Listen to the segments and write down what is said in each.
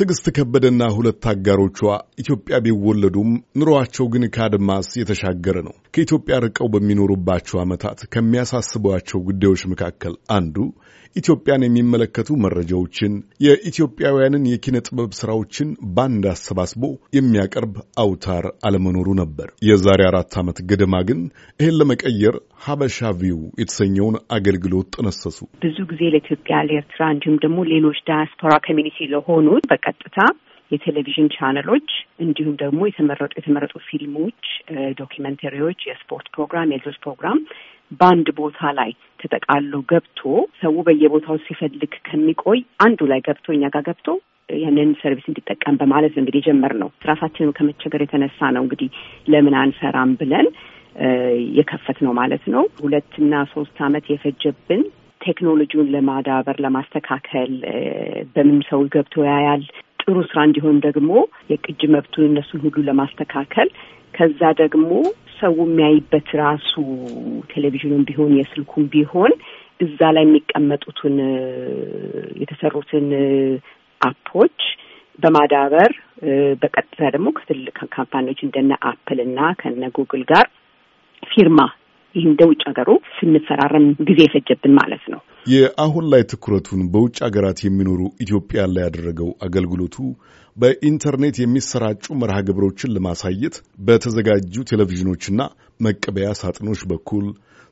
ትግስት ከበደና ሁለት አጋሮቿ ኢትዮጵያ ቢወለዱም ኑሮአቸው ግን ከአድማስ የተሻገረ ነው። ከኢትዮጵያ ርቀው በሚኖሩባቸው ዓመታት ከሚያሳስቧቸው ጉዳዮች መካከል አንዱ ኢትዮጵያን የሚመለከቱ መረጃዎችን፣ የኢትዮጵያውያንን የኪነ ጥበብ ሥራዎችን በአንድ አሰባስቦ የሚያቀርብ አውታር አለመኖሩ ነበር። የዛሬ አራት ዓመት ገደማ ግን ይህን ለመቀየር ሀበሻ ቪው የተሰኘውን አገልግሎት ጠነሰሱ። ብዙ ጊዜ ለኢትዮጵያ፣ ለኤርትራ እንዲሁም ደግሞ ሌሎች ዳያስፖራ ኮሚኒቲ ለሆኑ በቀጥታ የቴሌቪዥን ቻነሎች እንዲሁም ደግሞ የተመረጡ የተመረጡ ፊልሞች፣ ዶኪመንተሪዎች፣ የስፖርት ፕሮግራም፣ የልጆች ፕሮግራም በአንድ ቦታ ላይ ተጠቃሎ ገብቶ ሰው በየቦታው ሲፈልግ ከሚቆይ አንዱ ላይ ገብቶ እኛ ጋር ገብቶ ያንን ሰርቪስ እንዲጠቀም በማለት እንግዲህ ጀመር ነው። ራሳችንም ከመቸገር የተነሳ ነው እንግዲህ ለምን አንሰራም ብለን የከፈት ነው ማለት ነው። ሁለትና ሶስት አመት የፈጀብን ቴክኖሎጂውን ለማዳበር ለማስተካከል በምን ሰው ገብቶ ያያል ጥሩ ስራ እንዲሆን ደግሞ የቅጅ መብቱን እነሱን ሁሉ ለማስተካከል ከዛ ደግሞ ሰው የሚያይበት ራሱ ቴሌቪዥኑን ቢሆን የስልኩም ቢሆን እዛ ላይ የሚቀመጡትን የተሰሩትን አፖች በማዳበር በቀጥታ ደግሞ ከትልቅ ካምፓኒዎች እንደነ አፕል እና ከነ ጉግል ጋር ፊርማ ይህ እንደ ውጭ ሀገሩ ስንፈራረም ጊዜ የፈጀብን ማለት ነው። የአሁን ላይ ትኩረቱን በውጭ ሀገራት የሚኖሩ ኢትዮጵያን ላይ ያደረገው አገልግሎቱ በኢንተርኔት የሚሰራጩ መርሃ ግብሮችን ለማሳየት በተዘጋጁ ቴሌቪዥኖችና መቀበያ ሳጥኖች በኩል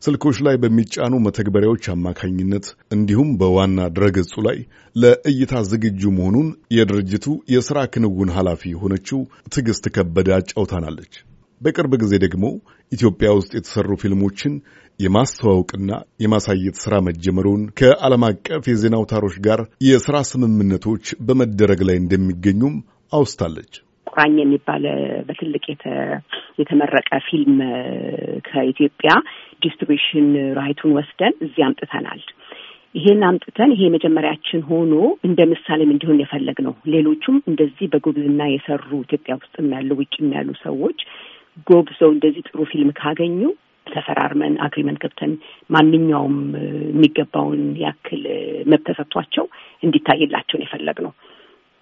ስልኮች ላይ በሚጫኑ መተግበሪያዎች አማካኝነት እንዲሁም በዋና ድረገጹ ላይ ለእይታ ዝግጁ መሆኑን የድርጅቱ የሥራ ክንውን ኃላፊ የሆነችው ትዕግስት ከበደ አጫውታናለች። በቅርብ ጊዜ ደግሞ ኢትዮጵያ ውስጥ የተሰሩ ፊልሞችን የማስተዋወቅና የማሳየት ስራ መጀመሩን ከዓለም አቀፍ የዜና አውታሮች ጋር የስራ ስምምነቶች በመደረግ ላይ እንደሚገኙም አውስታለች። ቁራኝ የሚባል በትልቅ የተመረቀ ፊልም ከኢትዮጵያ ዲስትሪቢሽን ራይቱን ወስደን እዚህ አምጥተናል። ይሄን አምጥተን ይሄ መጀመሪያችን ሆኖ እንደ ምሳሌም እንዲሆን የፈለግ ነው። ሌሎቹም እንደዚህ በጉብዝና የሰሩ ኢትዮጵያ ውስጥም ያሉ ውጭም ያሉ ሰዎች ጎብዘው እንደዚህ ጥሩ ፊልም ካገኙ ተፈራርመን አግሪመንት ገብተን ማንኛውም የሚገባውን ያክል መብት ተሰጥቷቸው እንዲታይላቸውን የፈለግ ነው።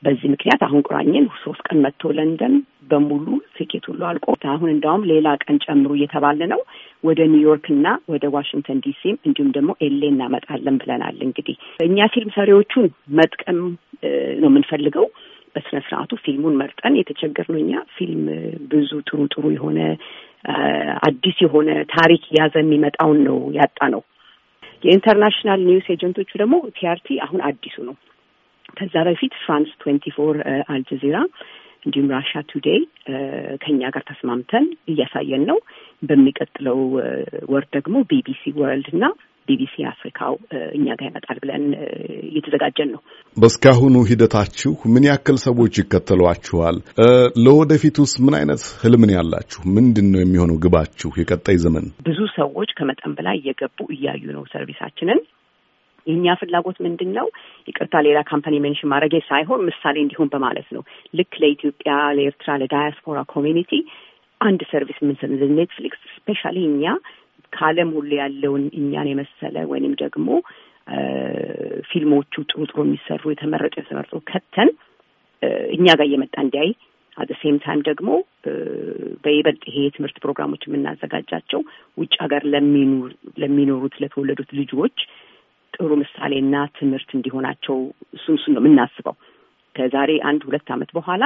በዚህ ምክንያት አሁን ቁራኝን ሶስት ቀን መጥቶ ለንደን በሙሉ ትኬት ሁሉ አልቆ አሁን እንዳውም ሌላ ቀን ጨምሩ እየተባለ ነው። ወደ ኒውዮርክ እና ወደ ዋሽንግተን ዲሲም እንዲሁም ደግሞ ኤሌ እናመጣለን ብለናል። እንግዲህ እኛ ፊልም ሰሪዎቹን መጥቀም ነው የምንፈልገው። በስነ ስርዓቱ ፊልሙን መርጠን የተቸገርነው እኛ ፊልም ብዙ ጥሩ ጥሩ የሆነ አዲስ የሆነ ታሪክ ያዘ የሚመጣውን ነው ያጣ ነው። የኢንተርናሽናል ኒውስ ኤጀንቶቹ ደግሞ ቲአርቲ አሁን አዲሱ ነው። ከዛ በፊት ፍራንስ ትዌንቲ ፎር፣ አልጀዚራ እንዲሁም ራሻ ቱዴይ ከኛ ጋር ተስማምተን እያሳየን ነው። በሚቀጥለው ወር ደግሞ ቢቢሲ ወርልድ እና ቢቢሲ አፍሪካው እኛ ጋር ይመጣል ብለን እየተዘጋጀን ነው። በእስካሁኑ ሂደታችሁ ምን ያክል ሰዎች ይከተሏችኋል? ለወደፊቱስ ምን አይነት ህልምን ያላችሁ? ምንድን ነው የሚሆነው ግባችሁ የቀጣይ ዘመን? ብዙ ሰዎች ከመጠን በላይ እየገቡ እያዩ ነው ሰርቪሳችንን። የእኛ ፍላጎት ምንድን ነው? ይቅርታ ሌላ ካምፓኒ ሜንሽን ማድረጌ ሳይሆን ምሳሌ እንዲሁም በማለት ነው። ልክ ለኢትዮጵያ፣ ለኤርትራ፣ ለዳያስፖራ ኮሚኒቲ አንድ ሰርቪስ ምን ኔትፍሊክስ ስፔሻሊ እኛ ከዓለም ሁሉ ያለውን እኛን የመሰለ ወይንም ደግሞ ፊልሞቹ ጥሩ ጥሩ የሚሰሩ የተመረጡ የተመረጡ ከተን እኛ ጋር እየመጣ እንዲያይ አደ ሴም ታይም ደግሞ በይበልጥ ይሄ የትምህርት ፕሮግራሞች የምናዘጋጃቸው ውጭ ሀገር ለሚኖሩት ለተወለዱት ልጆች ጥሩ ምሳሌና ትምህርት እንዲሆናቸው እሱን እሱን ነው የምናስበው። ከዛሬ አንድ ሁለት ዓመት በኋላ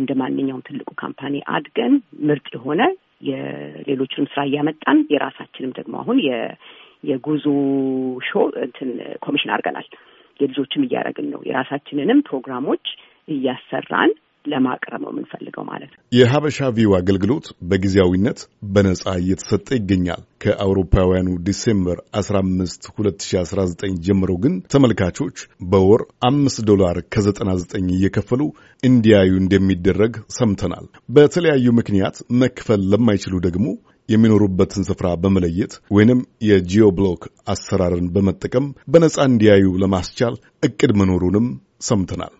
እንደ ማንኛውም ትልቁ ካምፓኒ አድገን ምርጥ የሆነ የሌሎችንም ስራ እያመጣን የራሳችንም ደግሞ አሁን የጉዞ ሾ እንትን ኮሚሽን አድርገናል። የልጆችም እያደረግን ነው። የራሳችንንም ፕሮግራሞች እያሰራን ለማቅረብ ነው የምንፈልገው ማለት ነው። የሀበሻ ቪው አገልግሎት በጊዜያዊነት በነጻ እየተሰጠ ይገኛል። ከአውሮፓውያኑ ዲሴምበር 15 2019 ጀምሮ ግን ተመልካቾች በወር 5 ዶላር ከ99 እየከፈሉ እንዲያዩ እንደሚደረግ ሰምተናል። በተለያዩ ምክንያት መክፈል ለማይችሉ ደግሞ የሚኖሩበትን ስፍራ በመለየት ወይንም የጂኦ ብሎክ አሰራርን በመጠቀም በነፃ እንዲያዩ ለማስቻል እቅድ መኖሩንም ሰምተናል።